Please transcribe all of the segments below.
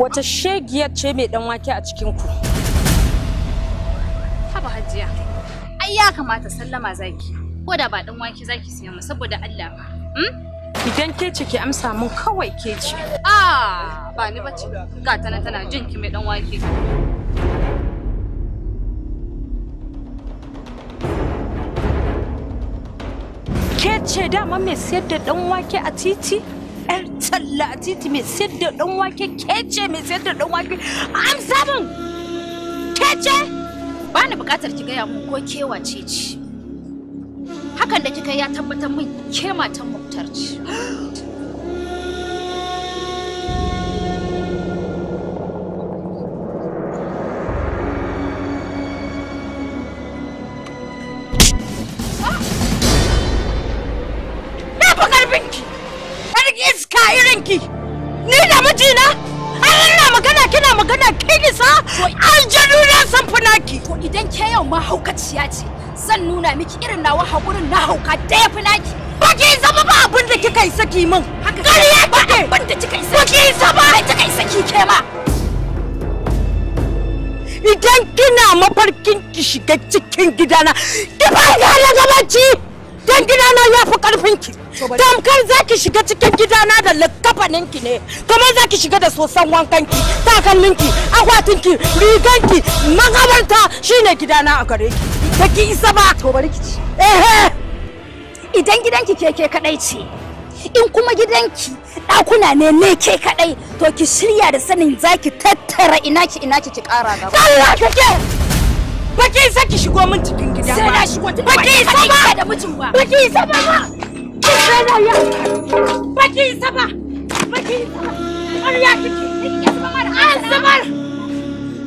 wata shegiyar ce mai dan wake a cikin ku haba hajiya ai ya kamata sallama zaki ko da ba dan wake zaki siya mu saboda Allah ba hmm? idan ke ce ki amsa mun kawai ke ce ah ba ni bace ga tana tana jin ki mai dan wake ke ce dama mai siyar da dan wake a titi 'yar talla titi mai sayar da ɗan wake kece mai sayar da ɗan wake an samun kece ba ni buƙatar ki gaya mun ko kewa ce ci hakan da kika ya tabbatar min ke matan muktar ce ah! Na fi ki ni da mijina an ina magana kina magana kai nisa an janu na san funaki ko idan ke yau ma haukaciya ce zan nuna miki irin nawa hakurin na hauka da ya funaki ba ki zama ba abin da kika yi saki min haka ba abin da kika yi saki ba ki zama ba kika yi saki ke ma idan kina mafarkin ki shiga cikin gidana ki ba ga na gabaci dan gidana ya fi karfin ki tamkar za ki shiga cikin gidana da likafaninki ne kamar za ki shiga da sosan wankanki takalminki akwatinki riganki magabarta shine gidana a gare ki baki ki isa ba to bari ki ci ehe idan gidanki ke kadai ce in kuma gidanki ɗakuna ne ne ke kadai to ki shirya da sanin zaki tattara ina ki ina ki ki kara gaba Allah kake Baki isa ki shigo min cikin gida ba. Sai na shigo cikin gida. Baki ba. Baki isa ba. Renaya!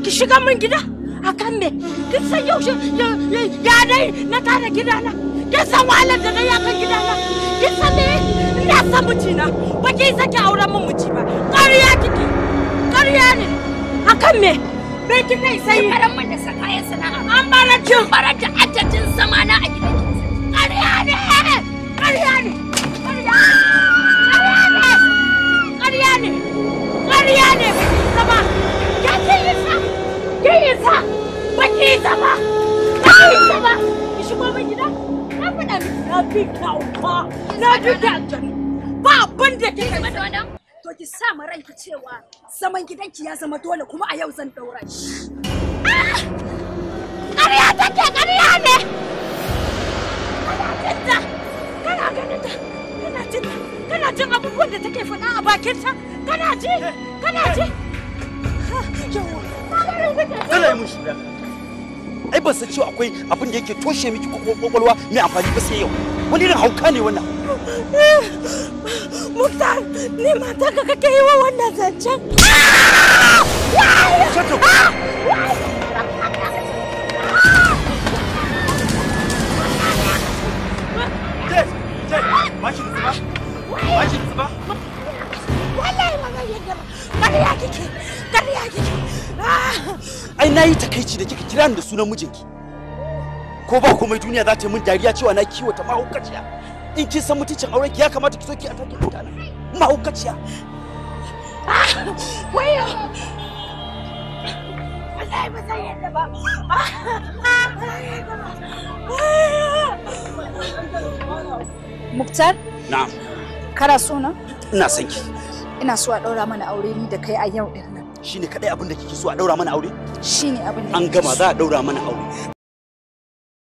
Ki shiga min gida? A kan me? Kin san ya dai na Kin san wahalar da na yi akan gidana? Kin san me? san auren min ba. Ƙarya kike! Ƙarya ne! A kan me? sai? da sakaya sana'a. An bara bara a gidan Ƙarya ne! Ƙarya ne! isa ba ki isa ba ba ki isa ba ki shigo min gida na faɗa miki na na ba abin da kike mata to ki sa ma ranki cewa zaman gidanki ya zama dole kuma a yau zan daura shi ah! ƙarya take ƙarya ne kana tinta kana kana kana jin abubuwan da take faɗa a bakinta kana ji kana ji Kana yi mun shirya. Ai ban san cewa akwai abin da yake toshe miki kwakwalwa mai amfani ba sai yau. Wani irin hauka ne wannan? Muktar, ni mata ka kake yi wa wannan zancen. Ah! Shut up! Ah! Ah! ƙarya kike kariya kike ah! ai na yi takaici da kika kira ni da sunan mijinki ko ba komai duniya za ta yi min dariya cewa na kiwata mahaukaciya in kin san mutuncin auren ki ya kamata ki so a atake mutane mahaukaciya ah! wayo wallahi ba zan yadda ba ah! Muktar? Na'am. Kana so na? Ina son ki. ina so a ɗaura mana aure ni da kai a yau ɗin nan shine kadai abin da kike so a ɗaura mana aure shine abin da an gama za a ɗaura mana aure